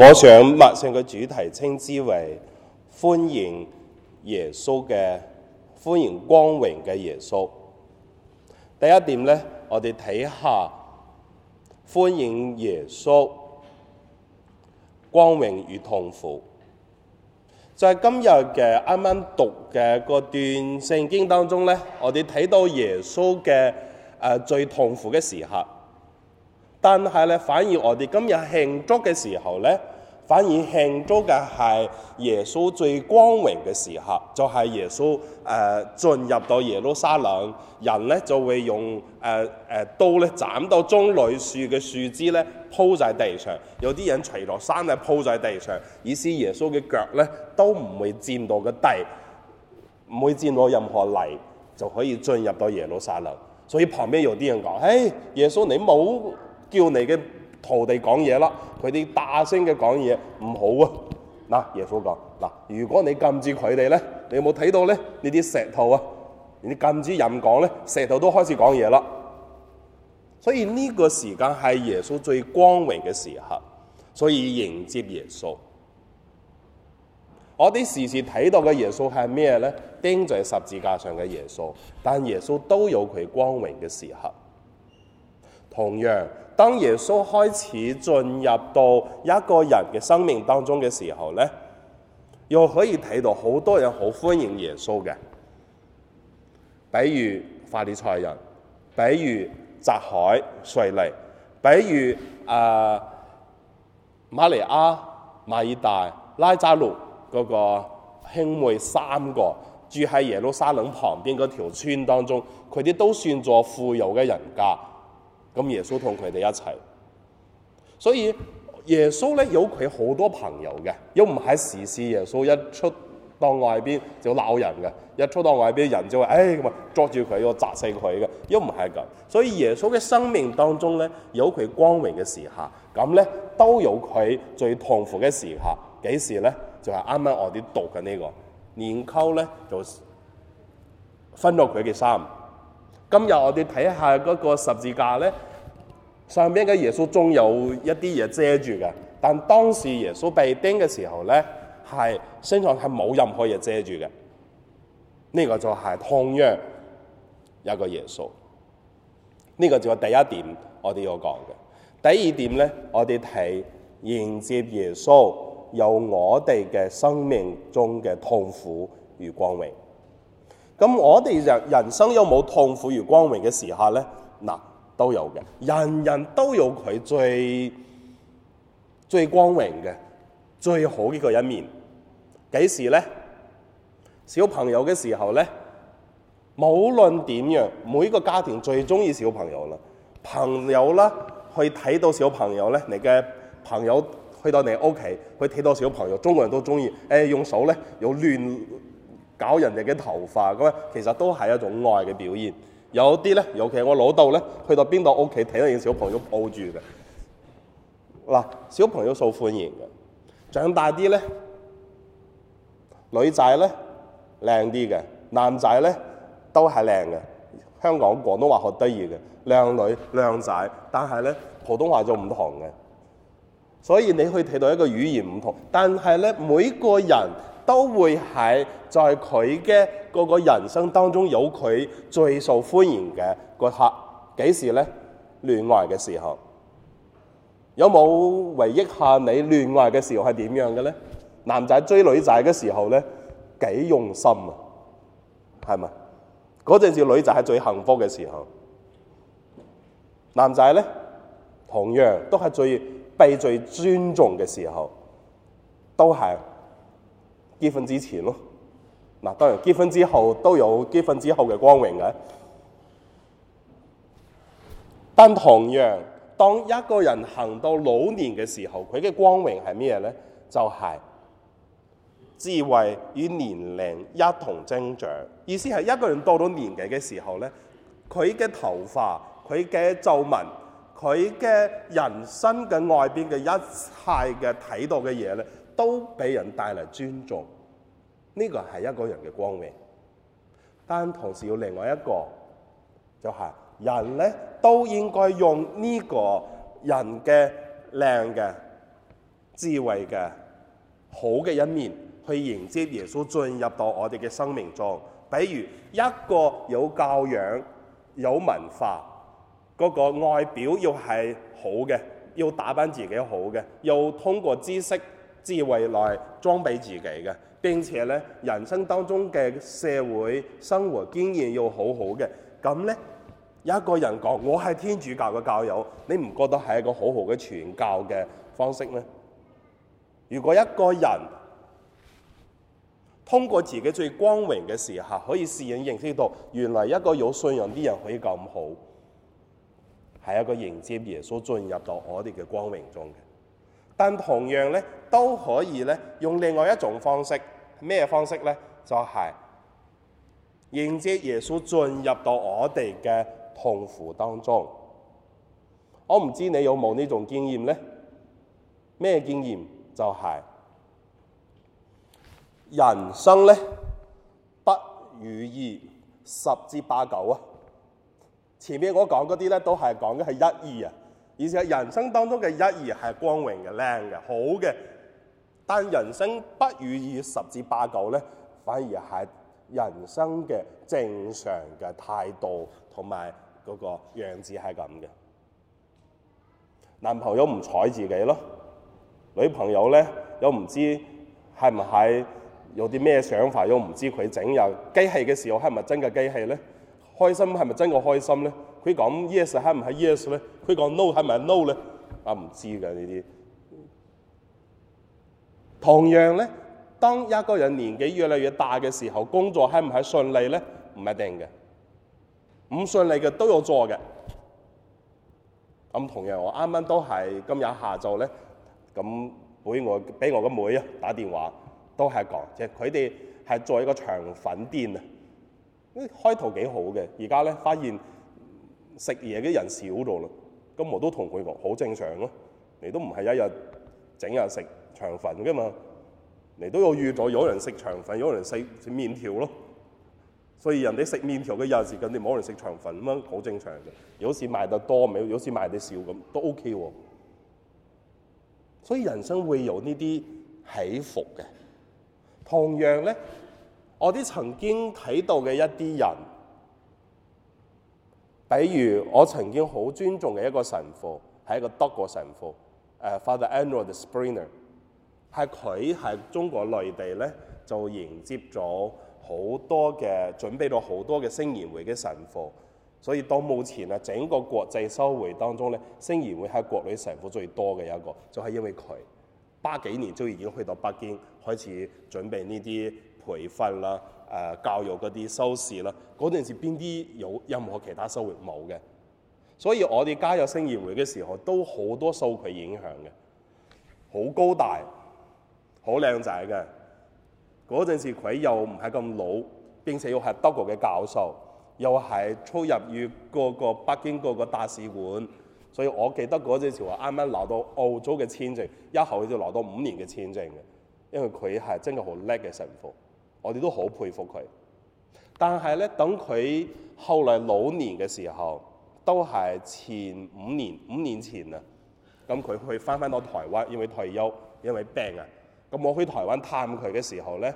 我想默性嘅主題稱之為歡迎耶穌嘅歡迎光榮嘅耶穌。第一點呢，我哋睇下歡迎耶穌光榮與痛苦。在、就是、今日嘅啱啱讀嘅嗰段聖經當中呢，我哋睇到耶穌嘅誒、呃、最痛苦嘅時刻。但係咧，反而我哋今日慶祝嘅時候咧，反而慶祝嘅係耶穌最光榮嘅時候，就係、是、耶穌誒、呃、進入到耶路撒冷，人咧就會用誒誒、呃呃、刀咧斬到棕櫚樹嘅樹枝咧鋪在地上，有啲人除落衫咧鋪在地上，意思耶穌嘅腳咧都唔會沾到個地，唔會沾到任何泥，就可以進入到耶路撒冷。所以旁邊有啲人講，誒耶穌你冇。叫你嘅徒弟講嘢啦，佢哋大聲嘅講嘢唔好啊！嗱，耶穌講嗱，如果你禁止佢哋咧，你有冇睇到咧？你啲石頭啊，你禁止任講咧，石頭都開始講嘢啦。所以呢個時間係耶穌最光榮嘅時刻，所以迎接耶穌。我哋時時睇到嘅耶穌係咩咧？釘在十字架上嘅耶穌，但耶穌都有佢光榮嘅時刻。同樣，當耶穌開始進入到一個人嘅生命當中嘅時候咧，又可以睇到好多人好歡迎耶穌嘅，比如法利賽人，比如匝凱、稅吏，比如誒、啊、瑪利亞、馬爾大、拉匝祿嗰、那個兄妹三個住喺耶路撒冷旁邊嗰條村當中，佢哋都算做富有嘅人家。咁耶穌同佢哋一齊，所以耶穌咧有佢好多朋友嘅，又唔係時時耶穌一出到外邊就鬧人嘅，一出到外邊人就話誒咁啊捉住佢要砸死佢嘅，又唔係咁。所以耶穌嘅生命當中咧，有佢光榮嘅時下咁咧都有佢最痛苦嘅時下。幾時咧？就係啱啱我哋讀緊呢、這個，年溝咧就分咗佢嘅衫。今日我哋睇下嗰個十字架咧。上邊嘅耶穌仲有一啲嘢遮住嘅，但當時耶穌被釘嘅時候咧，係身上係冇任何嘢遮住嘅。呢、這個就係同樣一個耶穌。呢、這個就係第一點我哋要講嘅。第二點咧，我哋睇迎接耶穌有我哋嘅生命中嘅痛苦與光榮。咁我哋人人生有冇痛苦與光榮嘅時刻咧？嗱。都有嘅，人人都有佢最最光榮嘅、最好嘅一,一面。幾時呢？小朋友嘅時候呢，無論點樣，每個家庭最中意小朋友啦。朋友啦，去睇到小朋友呢，你嘅朋友去到你屋企，去睇到小朋友，中國人都中意誒用手呢，用亂搞人哋嘅頭髮咁樣，其實都係一種愛嘅表現。有啲咧，尤其我老豆咧，去到邊度屋企睇到有小朋友抱住嘅，嗱，小朋友受歡迎嘅。長大啲咧，女仔咧靚啲嘅，男仔咧都係靚嘅。香港廣東話學得意嘅，靚女靚仔，但係咧普通話就唔同嘅。所以你去睇到一個語言唔同，但係咧每個人。都會喺在佢嘅嗰個人生當中，有佢最受歡迎嘅嗰刻，幾時咧？戀愛嘅時候，有冇回憶下你戀愛嘅時候係點樣嘅咧？男仔追女仔嘅時候咧，幾用心啊，係咪？嗰陣時女仔係最幸福嘅時候，男仔咧，同樣都係最被最尊重嘅時候，都係。結婚之前咯，嗱，當然結婚之後都有結婚之後嘅光榮嘅，但同樣當一個人行到老年嘅時候，佢嘅光榮係咩咧？就係、是、智慧與年齡一同增長。意思係一個人到咗年紀嘅時候呢，佢嘅頭髮、佢嘅皺紋、佢嘅人生嘅外邊嘅一切嘅睇到嘅嘢咧。都俾人帶來尊重，呢、這個係一個人嘅光榮。但同時，有另外一個就係、是、人呢，都應該用呢個人嘅靚嘅智慧嘅好嘅一面去迎接耶穌進入到我哋嘅生命中。比如一個有教養、有文化，嗰、那個外表要係好嘅，要打扮自己好嘅，又通過知識。智慧來裝備自己嘅，並且咧人生當中嘅社會生活經驗要好好嘅。咁呢，一個人講，我係天主教嘅教友，你唔覺得係一個好好嘅傳教嘅方式咩？如果一個人通過自己最光榮嘅時刻可以試驗認識到，原來一個有信仰啲人可以咁好，係一個迎接耶穌進入到我哋嘅光榮中嘅。但同樣呢，都可以呢用另外一種方式，咩方式呢？就係迎接耶穌進入到我哋嘅痛苦當中。我唔知你有冇呢種經驗呢？咩經驗？就係、是、人生呢，不如意十之八九啊！前面我講嗰啲呢，都係講嘅係一意啊。而且人生當中嘅一二係光榮嘅、靚嘅、好嘅，但人生不如意十至八九咧，反而係人生嘅正常嘅態度同埋嗰個樣子係咁嘅。男朋友唔睬自己咯，女朋友咧又唔知係唔係有啲咩想法，又唔知佢整入機器嘅時候係咪真嘅機器咧？開心係咪真嘅開心咧？佢講 yes 係唔係 yes 咧？佢講 no 係咪 no 咧？我唔知嘅呢啲。同樣咧，當一個人年紀越嚟越大嘅時候，工作係唔係順利咧？唔一定嘅。唔順利嘅都有做嘅。咁同樣我啱啱都係今日下晝咧，咁俾我俾我個妹啊打電話，都係講即係佢哋係做一個腸粉店啊。開頭幾好嘅，而家咧發現食嘢嘅人少咗啦。咁我都同佢講，好正常咯、啊。你都唔係一日整日食腸粉嘅嘛，你都有預咗有人食腸粉，有人食食麵條咯。所以人哋食麵條嘅有陣時，人哋冇人食腸粉咁樣，好正常嘅。有時賣得多咪，有時賣得少咁，都 OK 喎、啊。所以人生會有呢啲起伏嘅。同樣咧，我啲曾經睇到嘅一啲人。比如我曾經好尊重嘅一個神父，係一個德國神父，誒、uh,，Father Andrew Springer，係佢喺中國內地咧，就迎接咗好多嘅，準備咗好多嘅聖言會嘅神父，所以到目前啊，整個國際修會當中咧，聖言會喺國內神父最多嘅一個，就係、是、因為佢八幾年就已經去到北京開始準備呢啲。培訓啦，誒，教育嗰啲收視啦，嗰陣時邊啲有任何其他收入冇嘅？所以我哋加入星業會嘅時候，都好多受佢影響嘅。好高大，好靚仔嘅。嗰陣時佢又唔係咁老，並且又係德 o 嘅教授，又係出入於個個北京個個大使館。所以我記得嗰陣時話，啱啱留到澳洲嘅簽證，一口就攞到五年嘅簽證嘅，因為佢係真係好叻嘅神父。我哋都好佩服佢，但係咧，等佢後嚟老年嘅時候，都係前五年五年前啊，咁佢去翻翻到台灣，因為退休，因為病啊。咁我去台灣探佢嘅時候咧，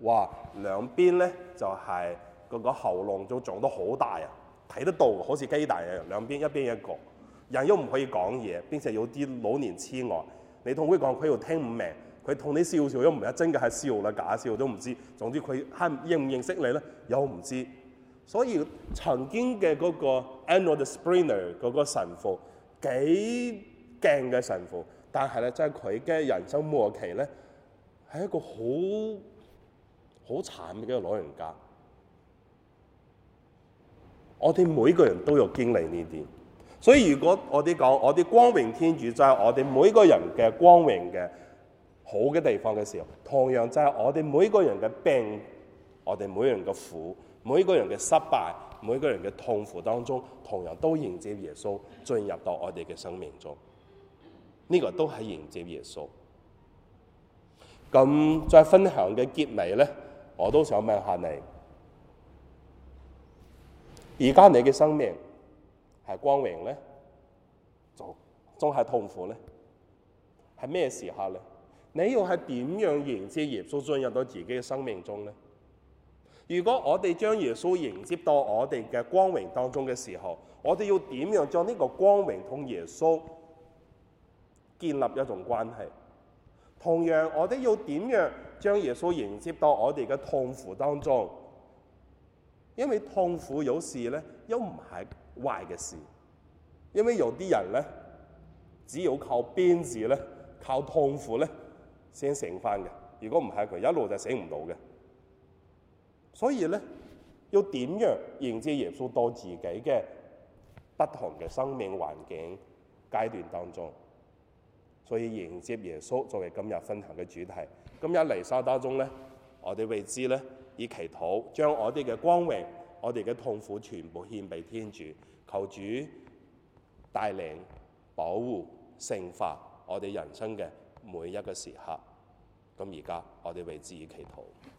哇，兩邊咧就係、是、個個喉嚨都腫得好大啊，睇得到，好似雞蛋一樣，兩邊一邊一個，人又唔可以講嘢，並且有啲老年痴呆、呃，你同佢講他，佢又聽唔明。佢同你笑一笑，都唔係真嘅係笑啦，假笑都唔知，總之佢係認唔認識你咧，又唔知。所以曾經嘅嗰個 End of the Sprinter 嗰個神父幾勁嘅神父，但係咧即係佢嘅人生末期咧係一個好好慘嘅一個老人家。我哋每個人都有經歷呢啲，所以如果我哋講我哋光榮天主就係、是、我哋每個人嘅光榮嘅。好嘅地方嘅時候，同樣就係我哋每個人嘅病，我哋每個人嘅苦，每個人嘅失敗，每個人嘅痛苦當中，同樣都迎接耶穌進入到我哋嘅生命中。呢個都係迎接耶穌。咁再分享嘅結尾咧，我都想問下你：而家你嘅生命係光榮咧，仲仲係痛苦咧？係咩時候咧？你又係點樣迎接耶穌進入到自己嘅生命中咧？如果我哋將耶穌迎接到我哋嘅光榮當中嘅時候，我哋要點樣將呢個光榮同耶穌建立一種關係？同樣，我哋要點樣將耶穌迎接到我哋嘅痛苦當中？因為痛苦有時咧，又唔係壞嘅事，因為有啲人咧，只要靠鞭子咧，靠痛苦咧。先醒翻嘅，如果唔係佢一路就醒唔到嘅。所以咧，要點樣迎接耶穌到自己嘅不同嘅生命環境階段當中？所以迎接耶穌作為今日分享嘅主題。今日彌撒當中咧，我哋為之咧以祈禱，將我哋嘅光榮、我哋嘅痛苦全部獻俾天主，求主帶領、保護、聖化我哋人生嘅。每一個時刻，咁而家我哋為自己祈禱。